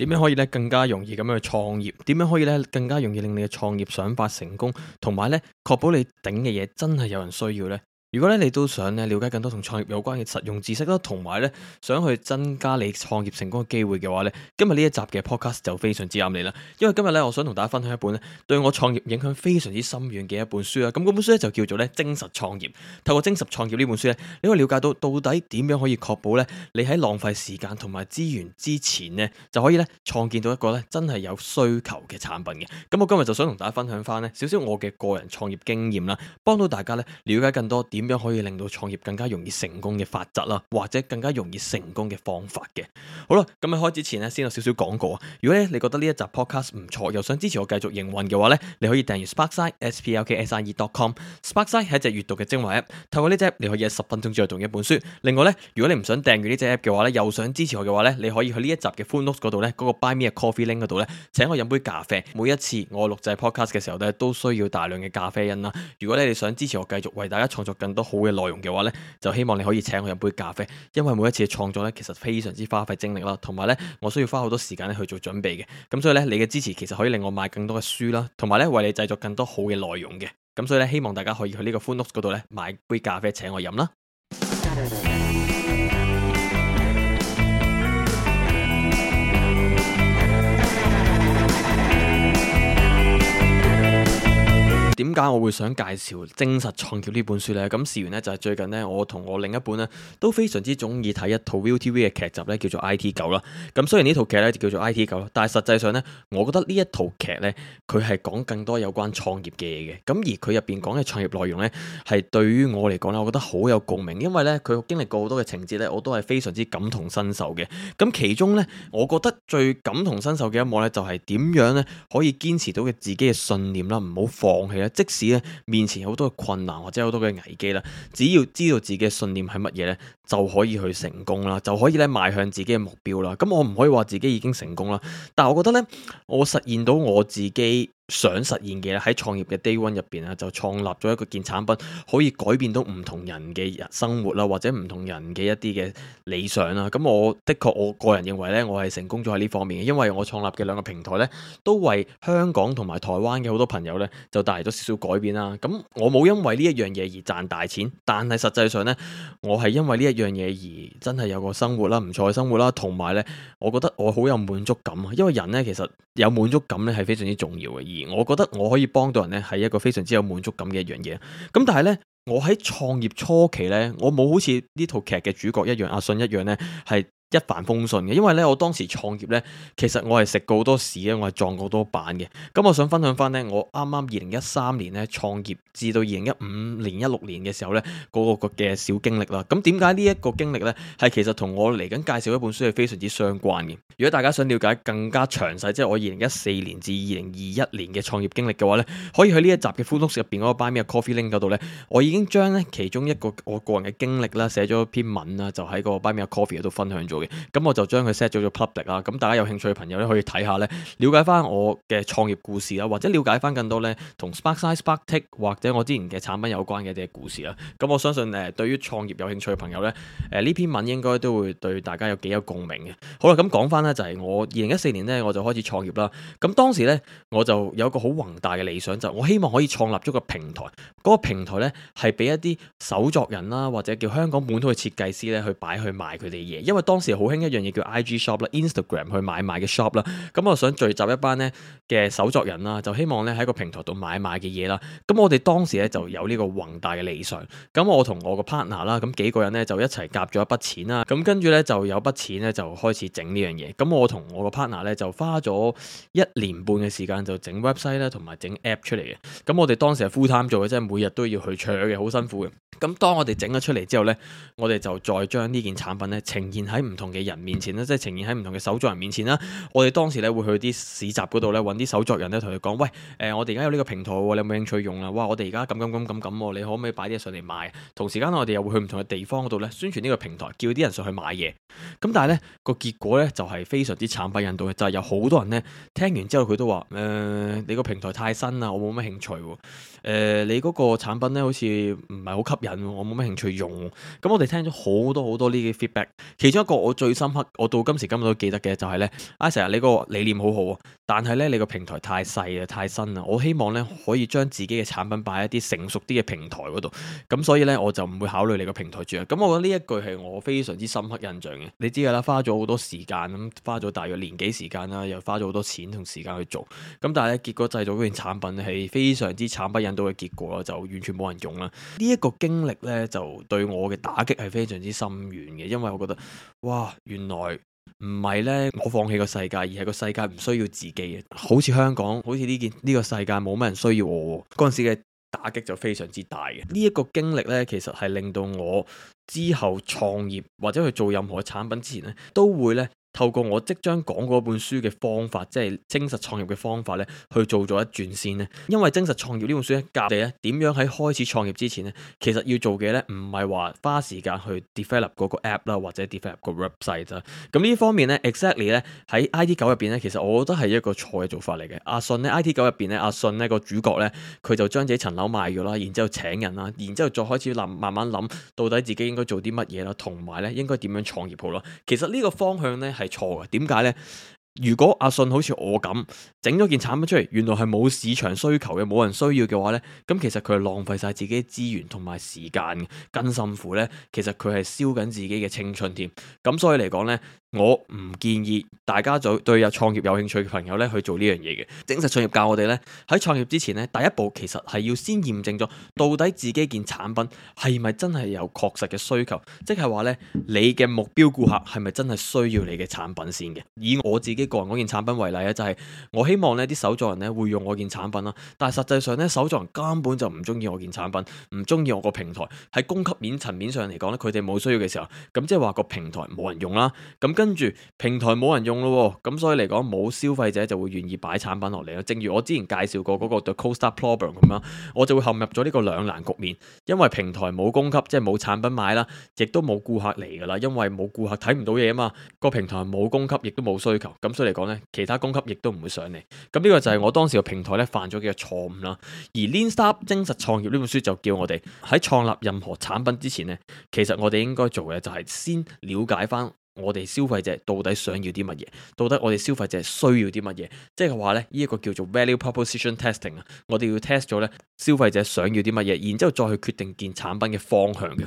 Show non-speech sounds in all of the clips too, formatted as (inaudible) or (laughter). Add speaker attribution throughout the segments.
Speaker 1: 點樣可以更加容易咁樣去創業？點樣可以更加容易令你嘅創業想法成功，同埋咧確保你頂嘅嘢真係有人需要呢？如果咧你都想咧了解更多同創業有關嘅實用知識啦，同埋咧想去增加你創業成功嘅機會嘅話咧，今日呢一集嘅 podcast 就非常之啱你啦。因為今日咧，我想同大家分享一本咧對我創業影響非常之深遠嘅一本書啦。咁嗰本書咧就叫做咧《精實創業》。透過《精實創業》呢本書咧，你可以了解到到底點樣可以確保咧你喺浪費時間同埋資源之前咧就可以咧創建到一個咧真係有需求嘅產品嘅。咁我今日就想同大家分享翻咧少少我嘅個人創業經驗啦，幫到大家咧了解更多點。點樣可以令到創業更加容易成功嘅法則啦，或者更加容易成功嘅方法嘅。好啦，咁喺開之前呢，先有少少講過。如果你覺得呢一集 podcast 唔錯，又想支持我繼續營運嘅話呢，你可以訂閱 s p a r k s i s p l k s i r e c o m s p a r k s i 係一隻閱讀嘅精華 app，透過呢隻 app 你可以喺十分鐘之內讀一本書。另外呢，如果你唔想訂閱呢隻 app 嘅話呢，又想支持我嘅話呢，你可以去呢一集嘅 Fun 歡屋嗰度呢，嗰個 Buy Me a Coffee link 嗰度呢，請我飲杯咖啡。每一次我錄製 podcast 嘅時候呢，都需要大量嘅咖啡因啦。如果你哋想支持我繼續為大家創作緊。多好嘅內容嘅話呢就希望你可以請我飲杯咖啡，因為每一次嘅創作呢，其實非常之花費精力啦，同埋呢，我需要花好多時間咧去做準備嘅。咁所以呢，你嘅支持其實可以令我買更多嘅書啦，同埋呢，為你製作更多好嘅內容嘅。咁所以呢，希望大家可以去呢個 f u 嗰度呢，買杯咖啡請我飲啦。 (music) 點解我會想介紹《真實創業》呢本書呢？咁事緣呢，就係最近呢，我同我另一半呢都非常之中意睇一套 Viu TV 嘅劇集呢叫做《IT 狗》啦。咁雖然呢套劇呢就叫做《IT 狗》咯，但係實際上呢，我覺得呢一套劇呢，佢係講更多有關創業嘅嘢嘅。咁而佢入邊講嘅創業內容呢，係對於我嚟講呢，我覺得好有共鳴，因為呢，佢經歷過好多嘅情節呢，我都係非常之感同身受嘅。咁其中呢，我覺得最感同身受嘅一幕呢，就係點樣呢，可以堅持到佢自己嘅信念啦，唔好放棄即使咧面前有好多嘅困難或者好多嘅危機啦，只要知道自己嘅信念係乜嘢咧，就可以去成功啦，就可以咧邁向自己嘅目標啦。咁我唔可以話自己已經成功啦，但係我覺得呢，我實現到我自己。想實現嘅喺創業嘅 day one 入邊啊，就創立咗一個件產品，可以改變到唔同人嘅生活啦，或者唔同人嘅一啲嘅理想啦。咁我的確，我個人認為呢，我係成功咗喺呢方面嘅，因為我創立嘅兩個平台呢，都為香港同埋台灣嘅好多朋友呢就帶嚟咗少少改變啦。咁我冇因為呢一樣嘢而賺大錢，但係實際上呢，我係因為呢一樣嘢而真係有個生活啦，唔錯嘅生活啦，同埋呢，我覺得我好有滿足感啊。因為人呢，其實有滿足感呢係非常之重要嘅。我覺得我可以幫到人咧，係一個非常之有滿足感嘅一樣嘢。咁但係咧，我喺創業初期咧，我冇好似呢套劇嘅主角一樣阿信一樣咧，係。一帆風順嘅，因為咧，我當時創業咧，其實我係食過好多屎嘅，我係撞過好多板嘅。咁我想分享翻咧，我啱啱二零一三年咧創業至，至到二零一五年一六年嘅時候咧，嗰個嘅小經歷啦。咁點解呢一個經歷咧，係其實同我嚟緊介紹一本書係非常之相關嘅。如果大家想了解更加詳細，即係我二零一四年至二零二一年嘅創業經歷嘅話咧，可以去呢一集嘅 Facebook 入邊嗰個 Buy Me A Coffee Link 嗰度咧，我已經將咧其中一個我個人嘅經歷啦，寫咗篇文啦，就喺個 Buy Me A Coffee 度分享咗。咁、嗯、我就將佢 set 咗做 public 啦，咁大家有興趣嘅朋友咧可以睇下咧，了解翻我嘅創業故事啦，或者了解翻更多咧同 Spark Size Sparktick 或者我之前嘅產品有關嘅啲故事啦。咁、嗯、我相信誒，對於創業有興趣嘅朋友咧，誒、呃、呢篇文應該都會對大家有幾有共鳴嘅。好啦，咁、嗯、講翻咧就係、是、我二零一四年咧我就開始創業啦。咁、嗯、當時咧我就有一個好宏大嘅理想，就是、我希望可以創立咗個平台，嗰、那個平台咧係俾一啲手作人啦，或者叫香港本土嘅設計師咧去擺去賣佢哋嘢，因為當時，好興一樣嘢叫 IG Shop 啦，Instagram 去買賣嘅 shop 啦。咁我想聚集一班呢嘅手作人啦，就希望呢喺個平台度買賣嘅嘢啦。咁我哋當時呢就有呢個宏大嘅理想。咁我同我個 partner 啦，咁幾個人呢就一齊夾咗一筆錢啦。咁跟住呢就有筆錢呢，就開始整呢樣嘢。咁我同我個 partner 呢，就花咗一年半嘅時間就整 website 啦，同埋整 app 出嚟嘅。咁我哋當時係 full time 做嘅，即係每日都要去 chur 嘅，好辛苦嘅。咁當我哋整咗出嚟之後呢，我哋就再將呢件產品呢呈現喺唔同嘅人面前咧，即係呈現喺唔同嘅手作人面前啦。我哋當時咧會去啲市集嗰度咧揾啲手作人咧，同佢講，喂，誒、呃，我哋而家有呢個平台喎，你有冇興趣用啊？哇，我哋而家咁咁咁咁咁，你可唔可以擺啲嘢上嚟賣啊？同時間我哋又會去唔同嘅地方嗰度咧宣傳呢個平台，叫啲人上去買嘢。咁但係呢，個結果呢，就係非常之慘不忍睹嘅，就係有好多人呢，聽完之後佢都話，誒、呃，你個平台太新啦，我冇乜興趣。誒、呃，你嗰個產品呢，好似唔係好吸引，我冇乜興趣用。咁我哋聽咗好多好多呢啲 feedback，其中一個我。我最深刻，我到今時今日都記得嘅就係咧，阿成啊，你個理念好好啊，但係呢，你個平台太細啦，太新啦，我希望呢，可以將自己嘅產品擺喺啲成熟啲嘅平台嗰度，咁所以呢，我就唔會考慮你個平台住啊。咁我覺得呢一句係我非常之深刻印象嘅，你知噶啦，花咗好多時間，咁花咗大約年幾時間啦，又花咗好多錢同時間去做，咁但係呢，結果製造嗰件產品係非常之慘不忍睹嘅結果啦，就完全冇人用啦。呢一個經歷呢，就對我嘅打擊係非常之深遠嘅，因為我覺得。哇，原來唔係呢，我放棄個世界，而係個世界唔需要自己嘅，好似香港，好似呢件呢個世界冇乜人需要我。嗰陣時嘅打擊就非常之大嘅，呢一個經歷呢，其實係令到我之後創業或者去做任何產品之前呢，都會呢。透過我即將講嗰本書嘅方法，即係真實創業嘅方法咧，去做咗一轉先呢。因為真實創業呢本書咧教你咧點樣喺開始創業之前咧，其實要做嘅咧唔係話花時間去 develop 嗰個 app 啦，或者 develop 個 website 啦。咁呢方面咧，exactly 咧喺 IT 九入邊咧，其實我覺得係一個錯嘅做法嚟嘅。阿信咧 IT 九入邊咧，阿信呢個主角咧，佢就將自己層樓賣咗啦，然之後請人啦，然之後再開始諗慢慢諗到底自己應該做啲乜嘢啦，同埋咧應該點樣創業好囉。其實呢個方向咧，係錯嘅，點解呢？如果阿信好似我咁整咗件產品出嚟，原來係冇市場需求嘅，冇人需要嘅話呢，咁其實佢係浪費晒自己資源同埋時間，更辛苦呢，其實佢係燒緊自己嘅青春添，咁所以嚟講呢。我唔建議大家做對有創業有興趣嘅朋友咧去做呢樣嘢嘅。真實創業教我哋呢，喺創業之前咧，第一步其實係要先驗證咗到底自己件產品係咪真係有確實嘅需求，即係話呢，你嘅目標顧客係咪真係需要你嘅產品先嘅。以我自己個人嗰件產品為例啊，就係、是、我希望呢啲手作人咧會用我件產品啦，但係實際上呢手作人根本就唔中意我件產品，唔中意我個平台。喺供給面層面上嚟講呢，佢哋冇需要嘅時候，咁即係話個平台冇人用啦，咁。跟住平台冇人用咯、哦，咁所以嚟講，冇消費者就會願意擺產品落嚟咯。正如我之前介紹過嗰個 The Cold Start Problem 咁啦，我就會陷入咗呢個兩難局面，因為平台冇供給，即係冇產品買啦，亦都冇顧客嚟噶啦，因為冇顧客睇唔到嘢啊嘛，個平台冇供給，亦都冇需求，咁所以嚟講呢，其他供給亦都唔會上嚟。咁呢個就係我當時個平台咧犯咗幾個錯誤啦。而 Lean Startup 真實創業呢本書就叫我哋喺創立任何產品之前呢，其實我哋應該做嘅就係先了解翻。我哋消費者到底想要啲乜嘢？到底我哋消費者需要啲乜嘢？即係話呢，呢、呢、一個叫做 value proposition testing 啊，我哋要 test 咗咧，消費者想要啲乜嘢，然之後再去決定件產品嘅方向嘅。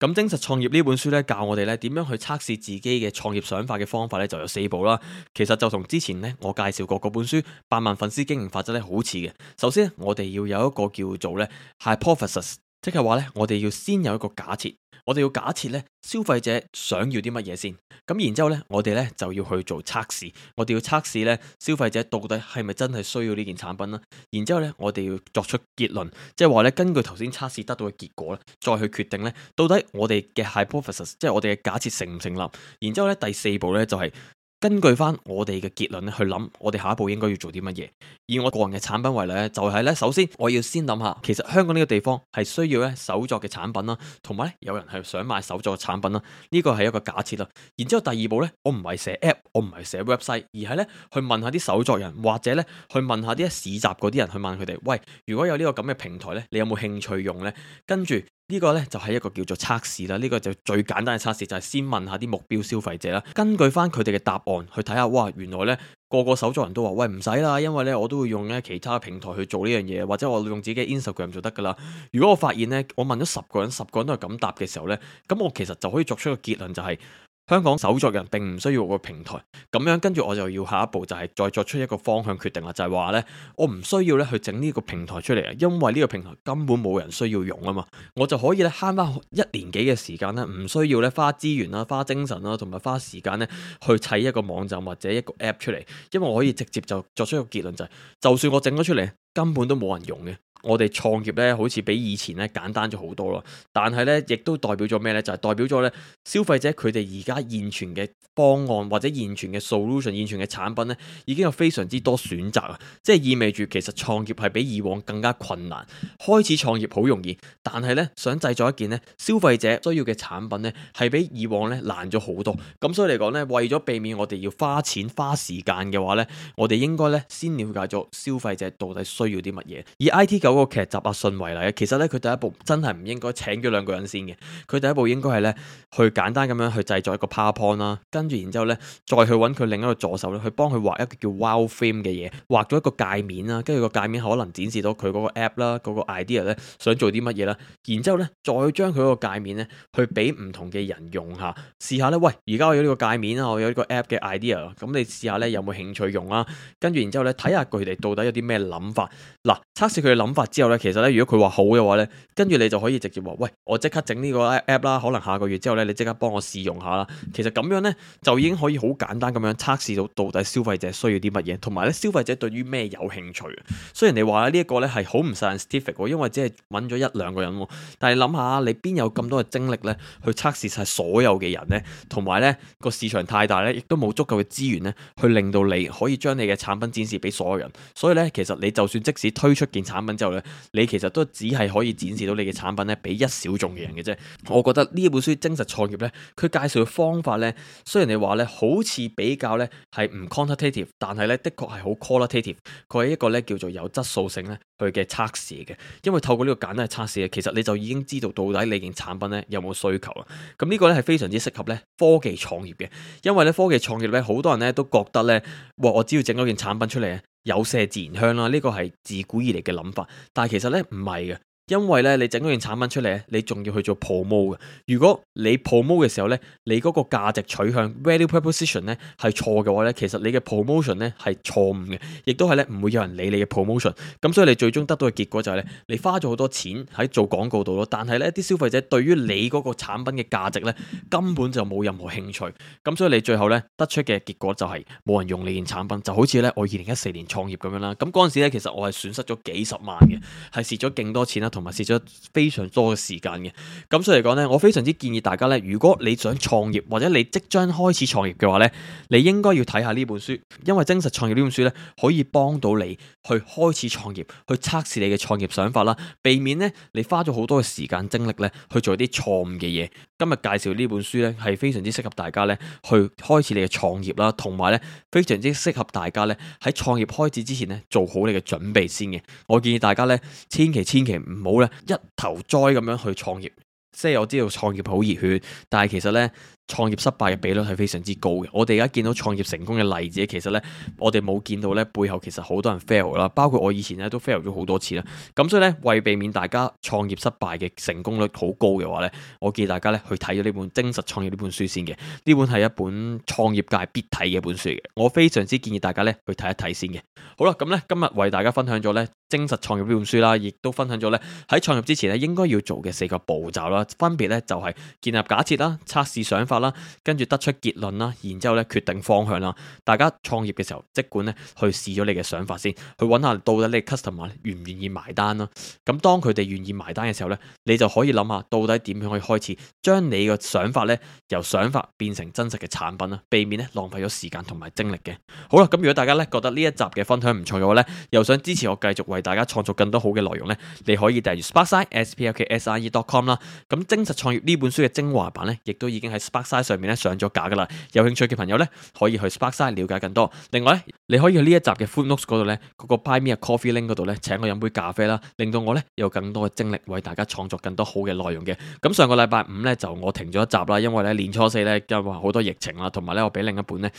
Speaker 1: 咁、嗯《真實創業》呢本書咧，教我哋咧點樣去測試自己嘅創業想法嘅方法咧，就有四步啦。其實就同之前咧我介紹過嗰本書《百萬粉絲經營法則》咧，好似嘅。首先我哋要有一個叫做咧 hypothesis，即係話咧，我哋要先有一個假設。我哋要假設咧，消費者想要啲乜嘢先，咁然之後咧，我哋呢就要去做測試，我哋要測試咧，消費者到底係咪真係需要呢件產品啦？然之後咧，我哋要作出結論，即係話咧，根據頭先測試得到嘅結果咧，再去決定咧，到底我哋嘅 hypothesis，即係我哋嘅假設成唔成立？然之後咧，第四步呢，就係根據翻我哋嘅結論去諗，我哋下一步應該要做啲乜嘢？以我個人嘅產品為例咧，就係咧，首先我要先諗下，其實香港呢個地方係需要咧手作嘅產品啦，同埋咧有人係想買手作產品啦，呢個係一個假設啦。然之後第二步咧，我唔係寫 app，我唔係寫 website，而係咧去問下啲手作人，或者咧去問下啲市集嗰啲人，去問佢哋，喂，如果有呢個咁嘅平台咧，你有冇興趣用咧？跟住呢個咧就係一個叫做測試啦，呢個就最簡單嘅測試就係先問下啲目標消費者啦，根據翻佢哋嘅答案去睇下，哇，原來咧。個個手作人都話：喂，唔使啦，因為呢，我都會用呢其他平台去做呢樣嘢，或者我用自己嘅 Instagram 就得噶啦。如果我發現呢，我問咗十個人，十個人都係咁答嘅時候呢，咁我其實就可以作出個結論，就是，就係。香港手作人並唔需要個平台，咁樣跟住我就要下一步就係再作出一個方向決定啦，就係話呢，我唔需要咧去整呢個平台出嚟啊，因為呢個平台根本冇人需要用啊嘛，我就可以咧慳翻一年幾嘅時間咧，唔需要咧花資源啦、花精神啦，同埋花時間咧去砌一個網站或者一個 app 出嚟，因為我可以直接就作出一個結論就係，就算我整咗出嚟，根本都冇人用嘅。我哋創業咧，好似比以前咧簡單咗好多咯。但係咧，亦都代表咗咩咧？就係代表咗咧，消費者佢哋而家現存嘅方案或者現存嘅 solution、現存嘅產品咧，已經有非常之多選擇啊！即係意味住其實創業係比以往更加困難。開始創業好容易，但係咧想製作一件咧消費者需要嘅產品咧，係比以往咧難咗好多。咁所以嚟講咧，為咗避免我哋要花錢花時間嘅話咧，我哋應該咧先了解咗消費者到底需要啲乜嘢。而 I T 夠。嗰個劇集啊，信為嚟嘅。其實咧，佢第一步真係唔應該請咗兩個人先嘅。佢第一步應該係咧，去簡單咁樣去製作一個 powerpoint 啦、啊，跟住然之後咧，再去揾佢另一個助手咧，去幫佢畫一個叫 wireframe 嘅嘢，畫咗一個界面啦。跟住個界面可能展示到佢嗰個 app 啦，嗰個 idea 咧想做啲乜嘢啦。然之後咧，再將佢個界面咧，去俾唔同嘅人用下，試下咧。喂，而家我有呢個界面啊，我有呢個 app 嘅 idea，咁你試下咧有冇興趣用啊？跟住然之後咧，睇下佢哋到底有啲咩諗法。嗱，測試佢嘅諗法。之後咧，其實咧，如果佢話好嘅話呢，跟住你就可以直接話，喂，我即刻整呢個 app 啦。可能下個月之後呢，你即刻幫我試用下啦。其實咁樣呢，就已經可以好簡單咁樣測試到到底消費者需要啲乜嘢，同埋呢消費者對於咩有興趣。雖然你話呢一個呢係好唔 scientific，因為只係揾咗一兩個人，啊。但係諗下，你邊有咁多嘅精力呢去測試晒所有嘅人呢？同埋呢個市場太大呢，亦都冇足夠嘅資源呢去令到你可以將你嘅產品展示俾所有人。所以呢，其實你就算即使推出件產品之後，你其實都只係可以展示到你嘅產品咧，俾一小眾嘅人嘅啫。我覺得呢一本書《真實創業》咧，佢介紹嘅方法咧，雖然你話咧好似比較咧係唔 quantitative，但係咧的確係好 qualitative。佢係一個咧叫做有質素性咧佢嘅測試嘅，因為透過呢個簡單嘅測試啊，其實你就已經知道到底你件產品咧有冇需求啊。咁呢個咧係非常之適合咧科技創業嘅，因為咧科技創業咧好多人咧都覺得咧，哇！我只要整咗件產品出嚟啊！有些自然香啦，呢個係自古以嚟嘅諗法，但係其實咧，唔係嘅。因為咧，你整嗰件產品出嚟咧，你仲要去做 promote 嘅。如果你 promote 嘅時候咧，你嗰個價值取向 value proposition 咧係錯嘅話咧，其實你嘅 promotion 咧係錯誤嘅，亦都係咧唔會有人理你嘅 promotion。咁所以你最終得到嘅結果就係咧，你花咗好多錢喺做廣告度咯。但係咧，啲消費者對於你嗰個產品嘅價值咧根本就冇任何興趣。咁所以你最後咧得出嘅結果就係冇人用你件產品。就好似咧，我二零一四年創業咁樣啦。咁嗰陣時咧，其實我係損失咗幾十萬嘅，係蝕咗勁多錢啦。同埋蝕咗非常多嘅時間嘅，咁所以嚟講呢，我非常之建議大家呢，如果你想創業或者你即將開始創業嘅話呢，你應該要睇下呢本書，因為真實創業呢本書呢，可以幫到你去開始創業，去測試你嘅創業想法啦，避免呢你花咗好多嘅時間精力呢去做一啲錯誤嘅嘢。今日介紹呢本書呢，係非常之適合大家呢去開始你嘅創業啦，同埋呢非常之適合大家呢喺創業開始之前呢做好你嘅準備先嘅。我建議大家呢千祈千祈唔好呢一頭栽咁樣去創業，即係我知道創業好熱血，但係其實呢。創業失敗嘅比率係非常之高嘅，我哋而家見到創業成功嘅例子，其實呢，我哋冇見到呢。背後其實好多人 fail 啦，包括我以前呢，都 fail 咗好多次啦。咁所以呢，為避免大家創業失敗嘅成功率好高嘅話呢，我建議大家呢去睇咗呢本《真實創業》呢本書先嘅，呢本係一本創業界必睇嘅本書嘅，我非常之建議大家呢去睇一睇先嘅。好啦，咁呢，今日為大家分享咗呢《真實創業》呢本書啦，亦都分享咗呢喺創業之前呢應該要做嘅四個步驟啦，分別呢就係、是、建立假設啦、測試想法。跟住得出結論啦，然之後咧，決定方向啦。大家創業嘅時候，即管咧，去試咗你嘅想法先，去揾下到底你 customer 願唔願意埋單啦。咁當佢哋願意埋單嘅時候咧，你就可以諗下到底點樣可以開始將你嘅想法咧，由想法變成真實嘅產品啦，避免咧浪費咗時間同埋精力嘅。好啦，咁如果大家咧覺得呢一集嘅分享唔錯嘅話咧，又想支持我繼續為大家創作更多好嘅內容咧，你可以訂閱 sparkside.com 啦。咁真實創業呢本書嘅精華版咧，亦都已經喺晒上面咧上咗架噶啦，有興趣嘅朋友咧可以去 Sparkside 了解更多。另外咧，你可以去呢一集嘅 footnotes 嗰度咧，嗰、嗰個 Buy Me a Coffee link 嗰度咧，請我飲杯咖啡啦，令到我咧有更多嘅精力為大家創作更多好嘅內容嘅。咁上個禮拜五咧就我停咗一集啦，因為咧年初四咧又話好多疫情啦，同埋咧我俾另一半咧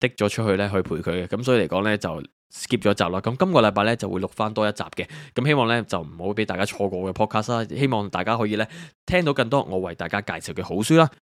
Speaker 1: 的咗出去咧去陪佢嘅，咁所以嚟講咧就 skip 咗一集啦。咁今個禮拜咧就會錄翻多一集嘅，咁希望咧就唔好俾大家錯過我嘅 podcast，希望大家可以咧聽到更多我為大家介紹嘅好書啦。